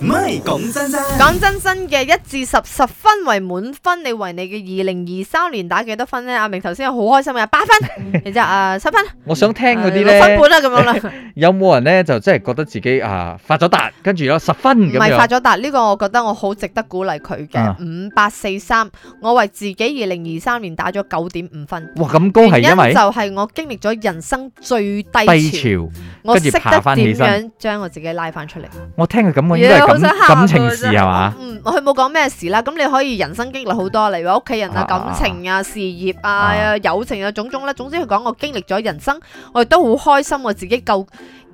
唔係講真真，講真真嘅一至十十分為滿分，你為你嘅二零二三年打幾多分呢？阿明頭先好開心嘅，八分，然之後啊十分，我想聽嗰啲咧，呃、分半啦咁樣啦。 有冇人呢？就真係覺得自己啊、呃、發咗達，跟住有十分唔係發咗達，呢、這個我覺得我好值得鼓勵佢嘅。五八四三，5, 8, 4, 3, 我為自己二零二三年打咗九點五分。哇，咁高係因為就係我經歷咗人生最低潮，低潮我識得點樣將我自己拉翻出嚟。 我聽佢咁講，好想喊感情事係嘛、嗯？嗯，佢冇講咩事啦。咁你可以人生經歷好多，例如話屋企人啊、感情啊、啊啊啊啊事業啊、友情啊種種咧。總之佢講我經歷咗人生，我亦都好開心。我自己夠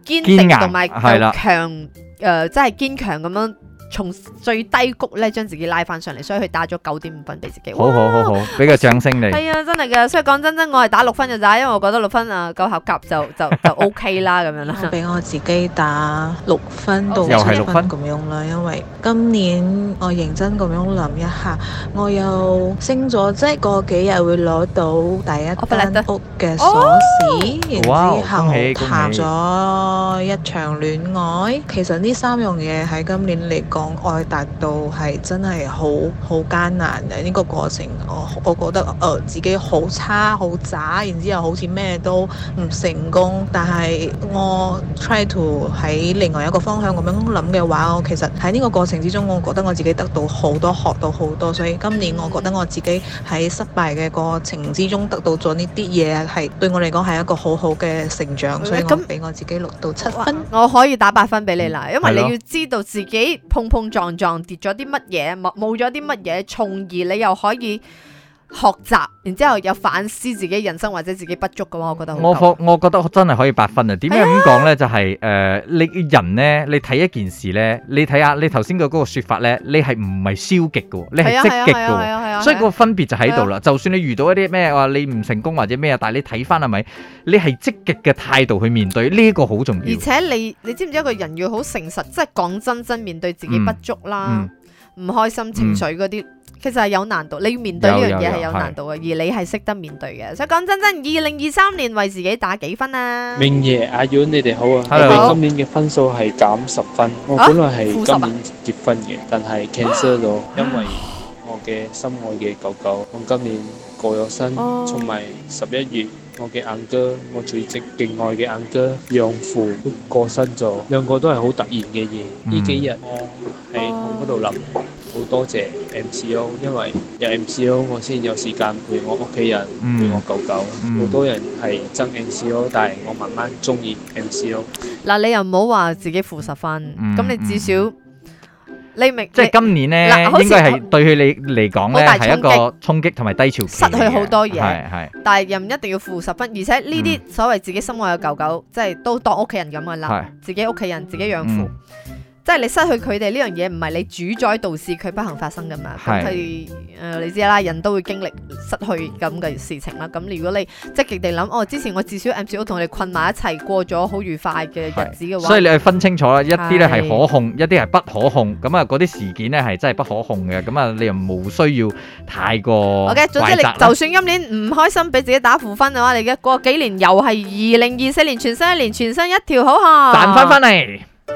堅定同埋強，硬強誒了、呃，即係堅強咁樣。從最低谷咧，將自己拉翻上嚟，所以佢打咗九點五分俾自己。好好好好，俾哇個掌聲你。係啊，真係㗎，所以講真真，我係打六分嘅咋，因為我覺得六分啊夠合格就就就 OK 啦咁樣啦。俾 我，我自己打六分到七分咁、哦、樣啦，因為今年我認真咁樣諗一下，我又升咗，即、就、係、是、過幾日會攞到第一間屋嘅鎖匙，哦、然之後談咗一場戀愛。其實呢三樣嘢喺今年嚟講。我達到係真係好好艱難嘅呢、這個過程，我我覺得誒、呃、自己好差好渣，然之後好似咩都唔成功。但係我 try to 喺另外一個方向咁樣諗嘅話，我其實喺呢個過程之中，我覺得我自己得到好多，學到好多。所以今年我覺得我自己喺失敗嘅過程之中得到咗呢啲嘢，係對我嚟講係一個好好嘅成長。所以俾我，我自己六到七分，我可以打八分俾你啦，因為你要知道自己碰、碰。碰撞撞跌咗啲乜嘢，冇冇咗啲乜嘢，從而你又可以學習，然之後有反思自己人生或者自己不足嘅話，我覺得我我覺得真係可以八分么么啊！點樣咁講呢？就係誒，你人呢，你睇一件事呢，你睇下你頭先嘅嗰個說法呢，你係唔係消極嘅？你係積極嘅，啊啊啊啊啊，所以個分別就喺度啦。啊啊，就算你遇到一啲咩話你唔成功或者咩啊，但係你睇翻係咪？你係積極嘅態度去面對呢，呢個好重要。而且你你知唔知一個人要好誠實，即，就，係，是，講真，真真面對自己不足啦。嗯嗯唔開心情緒嗰啲，嗯、其實係有難度，你要面對呢樣嘢係有難度嘅，是而你係識得面對嘅。所以講真真，二零二三年為自己打幾分啊？明爺阿 Yoon 你哋好啊！你好 Hello 今年嘅分數係減十分，啊、我本來係今年結婚嘅，啊、但係 cancel 咗，啊、因為我嘅心愛嘅狗狗，我今年過咗身，同埋十一月。我嘅阿哥，我最直敬愛嘅阿哥，養父都過身咗，兩個都係好突然嘅嘢。呢、嗯、幾日我喺嗰度諗，好、哦、多謝 MCO，因為有 MCO 我先有時間陪我屋企人，嗯、陪我舅舅。好、嗯、多人係憎 MCO，但係我慢慢中意 MCO。嗱、嗯，你又唔好話自己負十分，咁、嗯、你至少。你明即係今年咧，應該係對佢你嚟講咧係一個衝擊同埋低潮期，失去好多嘢。係係，但係又唔一定要負十分，而且呢啲所謂自己心愛嘅狗狗，嗯、即係都當屋企人咁嘅啦，是自己屋企人自己養父。嗯嗯即係你失去佢哋呢樣嘢，唔係你主宰導致佢不幸發生噶嘛？係誒，你知啦，人都會經歷失去咁嘅事情啦。咁如果你積極地諗，哦，之前我至少 MCO 同你困埋一齊過咗好愉快嘅日子嘅話，所以你係分清楚啦，一啲咧係可控，一啲係不可控。咁啊，嗰啲事件咧係真係不可控嘅。咁啊，你又冇需要太過。OK，總之你就算今年唔開心，俾自己打負分嘅話，你而家過幾年又係二零二四年全新一年，全新一條好漢，賺翻翻嚟。